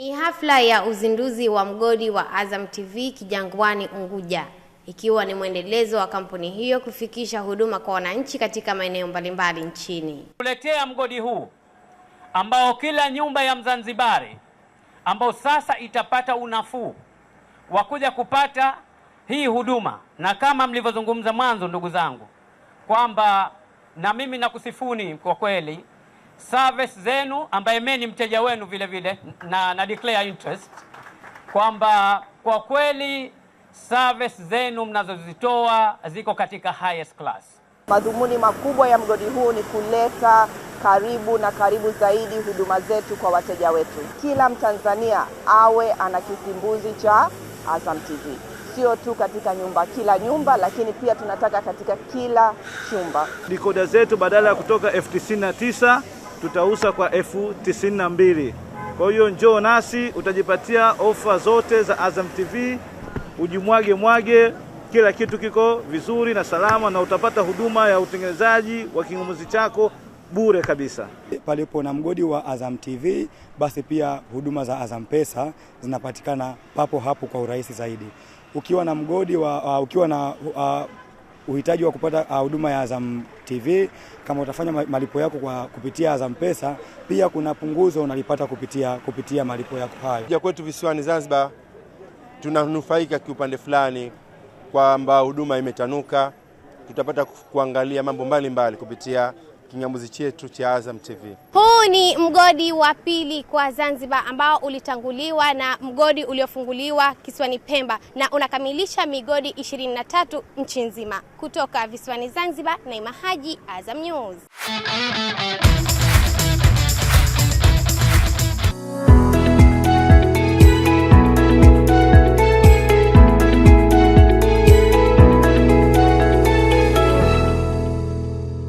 Ni hafla ya uzinduzi wa mgodi wa Azam TV Kijangwani, Unguja, ikiwa ni mwendelezo wa kampuni hiyo kufikisha huduma kwa wananchi katika maeneo mbalimbali nchini. Kuletea mgodi huu ambao kila nyumba ya Mzanzibari ambao sasa itapata unafuu wa kuja kupata hii huduma, na kama mlivyozungumza mwanzo, ndugu zangu, kwamba na mimi nakusifuni kwa kweli service zenu, ambaye mimi ni mteja wenu vile vile, na, na declare interest kwamba kwa kweli service zenu mnazozitoa ziko katika highest class. Madhumuni makubwa ya mgodi huu ni kuleta karibu na karibu zaidi huduma zetu kwa wateja wetu. Kila Mtanzania awe ana kisimbuzi cha Azam TV, sio tu katika nyumba kila nyumba, lakini pia tunataka katika kila chumba. Dikoda zetu badala ya kutoka elfu tisini na tisa tutauza kwa elfu tisini na mbili. Kwa hiyo njoo nasi, utajipatia ofa zote za Azam TV, ujimwage mwage, kila kitu kiko vizuri na salama, na utapata huduma ya utengenezaji wa king'omuzi chako bure kabisa. Palipo na mgodi wa Azam TV, basi pia huduma za Azam Pesa zinapatikana papo hapo kwa urahisi zaidi. Ukiwa na mgodi wa, uh, ukiwa na uh, uhitaji wa kupata ah, huduma ya Azam TV kama utafanya malipo yako kwa kupitia Azam Pesa, pia kuna punguzo unalipata kupitia, kupitia malipo yako hayo. Ya kwetu visiwani Zanzibar tunanufaika kiupande fulani kwamba huduma imetanuka, tutapata kuangalia mambo mbalimbali mbali kupitia kingamuzi chetu cha Azam TV. Huu ni mgodi wa pili kwa Zanzibar ambao ulitanguliwa na mgodi uliofunguliwa kisiwani Pemba na unakamilisha migodi 23 nchi nzima. Kutoka visiwani Zanzibar, Naima Haji, Azam News.